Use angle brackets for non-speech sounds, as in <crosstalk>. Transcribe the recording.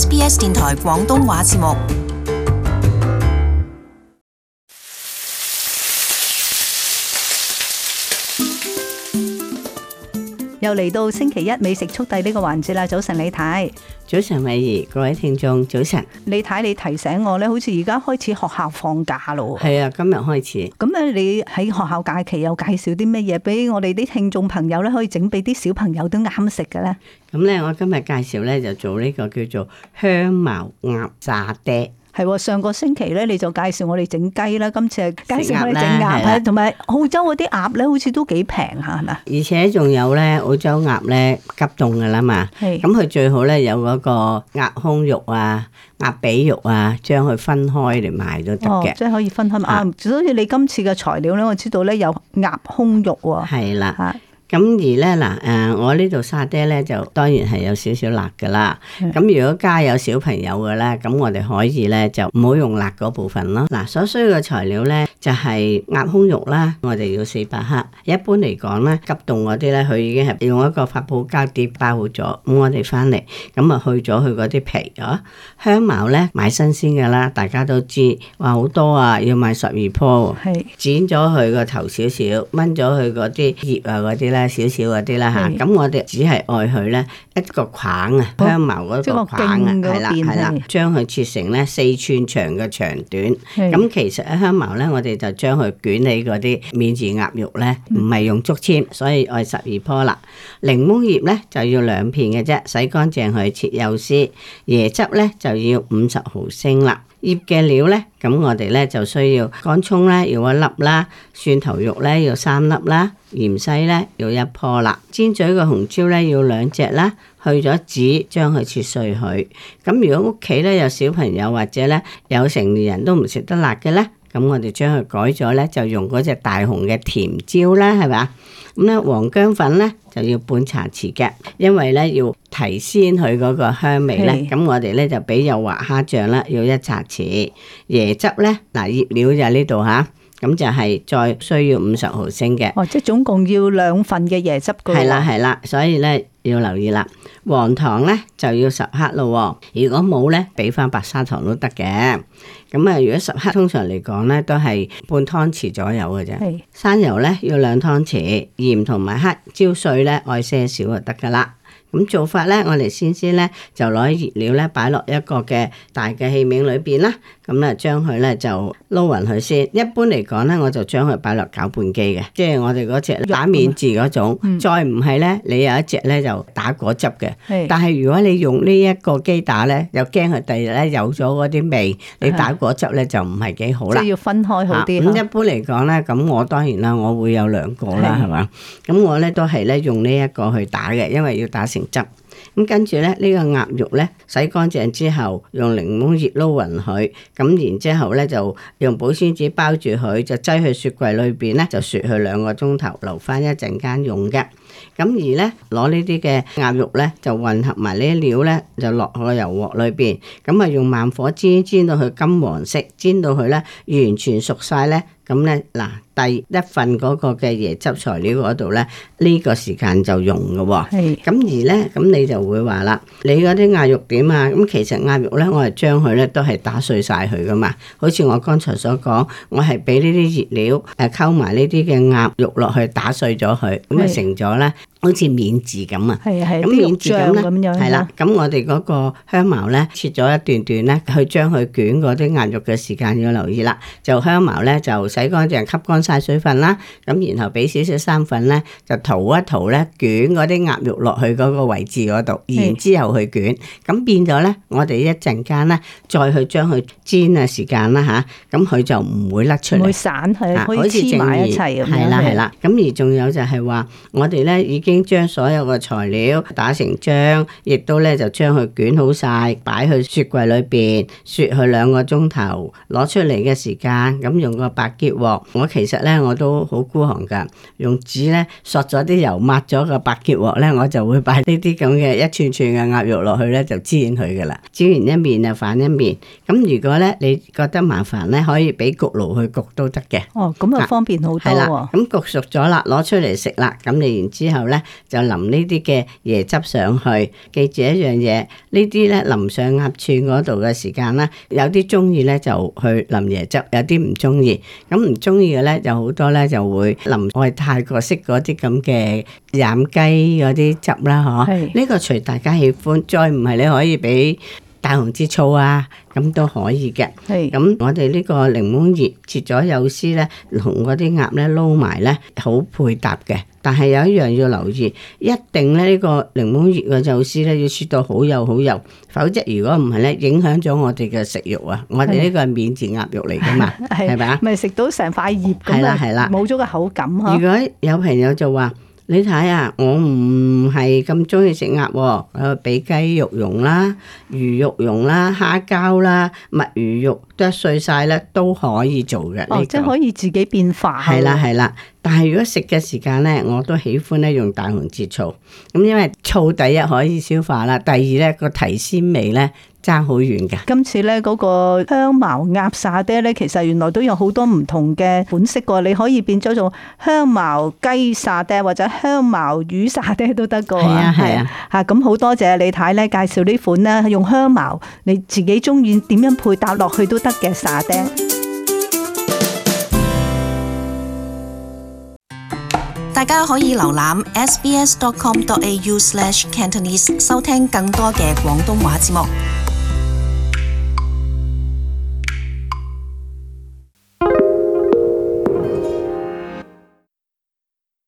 SBS 電台廣東話節目。又嚟到星期一美食速遞呢個環節啦！早晨李太，早晨美儀，各位聽眾，早晨。李太，你提醒我咧，好似而家開始學校放假咯。係啊，今日開始。咁咧，你喺學校假期又介紹啲乜嘢俾我哋啲聽眾朋友咧，可以整俾啲小朋友都啱食嘅咧？咁咧，我今日介紹咧就做呢個叫做香茅鴨沙爹。係喎，上個星期咧，你就介紹我哋整雞啦，今次係介紹我哋整鴨，同埋澳洲嗰啲鴨咧，好似都幾平吓，係咪？而且仲有咧，澳洲鴨咧急凍㗎喇嘛，咁佢的最好咧有嗰個鴨胸肉啊、鴨髀肉啊，將佢分開嚟賣都得嘅，即係可以分開賣。啊、所以你今次嘅材料咧，我知道咧有鴨胸肉喎。係啦的。咁而咧、呃、我呢度沙爹咧就當然係有少少辣㗎喇。咁、嗯、如果家有小朋友嘅咧，咁我哋可以咧就唔好用辣嗰部分咯。嗱，所需要嘅材料呢。就係鴨胸肉啦，我哋要四百克。一般嚟講咧，急凍嗰啲咧，佢已經係用一個發泡膠碟包好咗。咁我哋翻嚟，咁啊去咗佢嗰啲皮啊。香茅咧，買新鮮嘅啦，大家都知。哇，好多啊，要買十二棵喎。係。剪咗佢個頭少少，掹咗佢嗰啲葉啊嗰啲啦，少少嗰啲啦嚇。咁 Yes. Giul ia. 我哋只係愛佢咧一個框啊，oh! 香茅嗰個框啊，係啦係啦，將佢切成咧四寸長嘅長短。咁其實香茅咧，我哋 ści 就將佢捲起嗰啲免治鴨肉咧，唔係用竹籤，所以愛十二棵啦。檸檬葉咧就要兩片嘅啫，洗乾淨佢切幼絲。椰汁咧就要五十毫升啦。醃嘅料咧，咁我哋咧就需要乾葱咧要一粒啦，蒜頭肉咧要三粒啦，芫茜咧要一棵啦。尖嘴嘅紅椒咧要兩隻啦，去咗籽，將佢切碎佢。咁如果屋企咧有小朋友或者咧有成年人都唔食得辣嘅咧？咁我哋將佢改咗咧，就用嗰隻大紅嘅甜椒啦，係咪？咁咧黃薑粉咧就要半茶匙嘅，因為咧要提鮮佢嗰個香味咧。咁是我哋咧就俾有華蝦醬啦，要一茶匙椰汁咧，嗱醃料，就喺呢度吓，咁、啊、就係再需要五十毫升嘅。哦，即係總共要兩份嘅椰汁。係啦係啦，所以咧。要留意啦，黃糖咧就要十克咯啊。如果冇咧，俾翻白砂糖都得嘅。咁啊，如果十克，通常嚟講咧都係半湯匙左右嘅啫。係。生油咧要兩湯匙，鹽同埋黑椒碎咧愛些少就得噶啦。咁做法咧，我哋先先咧就攞熱料咧擺落一個嘅大嘅器皿裏邊啦。咁咧，將佢咧就撈匀佢先。一般嚟講咧，我就將佢擺落攪拌機嘅，即係我哋嗰隻打麵字嗰種。嗯、再唔係咧，你有一隻咧就打果汁嘅。是但係如果你用呢一個機打咧，又驚佢第二日咧有咗嗰啲味。的你打果汁咧就唔係幾好啦。即、就是、要分開好啲。咁、啊嗯、一般嚟講咧，咁我當然啦，我會有兩個啦，係嘛的？咁我咧都係咧用呢一個去打嘅，因為要打成汁。咁跟住咧，這個、鴨呢個鴨肉咧洗乾淨之後，用檸檬葉撈勻佢，咁然之後咧就用保鮮紙包住佢，就擠去雪櫃裏邊咧，就雪佢兩個鐘頭，留翻一陣間用嘅。咁而咧攞呢啲嘅鴨肉咧，就混合埋呢啲料咧，就落去油鑊裏邊，咁啊用慢火煎，煎到佢金黃色，煎到佢咧完全熟晒咧，咁咧嗱。第一份嗰個嘅椰汁材料嗰度咧，呢、這個時間就用嘅喎、哦。咁是而咧，咁你就會話啦，你嗰啲鴨肉點啊？咁其實鴨肉咧，我係將佢咧都係打碎晒佢嘅嘛。好似我剛才所講，我係俾呢啲熱料誒溝埋呢啲嘅鴨肉落去打碎咗佢，咁啊是成咗咧，好似免治咁啊。係啊係。咁免治咁咧，係啦。咁我哋嗰個香茅咧，切咗一段段咧，去將佢捲嗰啲鴨肉嘅時間要留意啦。就香茅咧，就洗乾淨，吸乾，曬水分啦，咁然後俾少少生粉咧，就塗一塗咧，捲嗰啲鴨肉落去嗰個位置嗰度，然之後去捲，咁變咗咧，我哋一陣間咧，再去將佢煎嘅時間啦嚇，咁佢就唔會甩出嚟，唔會散，佢可以黐埋一齊，係啦係啦。咁而仲有就係話，我哋咧已經將所有嘅材料打成漿，亦都咧就將佢捲好曬，擺去雪櫃裏邊雪佢兩個鐘頭，攞出嚟嘅時間，咁用個白結鑊，我其實。咧我都好孤寒噶，用紙咧索咗啲油，抹咗個白潔鑊咧，我就會擺呢啲咁嘅一串串嘅鴨肉落去咧，就煎佢噶啦。煎完一面就反一面。咁如果咧你覺得麻煩咧，可以俾焗爐去焗都得嘅。哦，咁啊方便好多。係啦，咁焗熟咗啦，攞出嚟食啦。咁你然之後咧就淋呢啲嘅椰汁上去。記住一樣嘢，呢啲咧淋上鴨串嗰度嘅時間啦，有啲中意咧就去淋椰汁，有啲唔中意，咁唔中意嘅咧。有好多咧就會淋，外泰國式嗰啲咁嘅飲雞嗰啲汁啦，嗬是。呢個除大家喜歡，再唔係你可以俾。大紅浙醋啊，咁都可以嘅。咁是我哋呢個檸檬葉切咗幼絲咧，同嗰啲鴨咧撈埋咧，好配搭嘅。但係有一樣要留意，一定咧呢個檸檬葉嘅幼絲咧要切到好幼好幼，否則如果唔係咧，影響咗我哋嘅食慾啊。我哋呢個係免治鴨肉嚟噶嘛，係咪啊？咪 <laughs> 食是吧到成塊葉咁，係啦係啦，冇咗個口感呵。如果有朋友就話。你睇啊，我唔係咁中意食鴨喎，誒，比雞肉蓉啦、魚肉蓉啦、蝦膠啦、墨魚肉剁碎晒咧都可以做嘅。哦，這個、即係可以自己變化。係啦係啦，但係如果食嘅時間咧，我都喜歡咧用大紅浙醋，咁因為醋第一可以消化啦，第二咧個提鮮味咧。差好遠嘅。今次咧，嗰個香茅鴨沙爹咧，其實原來都有好多唔同嘅款式㗎。你可以變咗做香茅雞沙爹，或者香茅魚沙爹都得㗎。係啊，係啊，嚇咁好多謝李太咧介紹呢款咧，用香茅你自己中意點樣配搭落去都得嘅沙爹。大家可以瀏覽 sbs.com.au/cantonese，收聽更多嘅廣東話節目。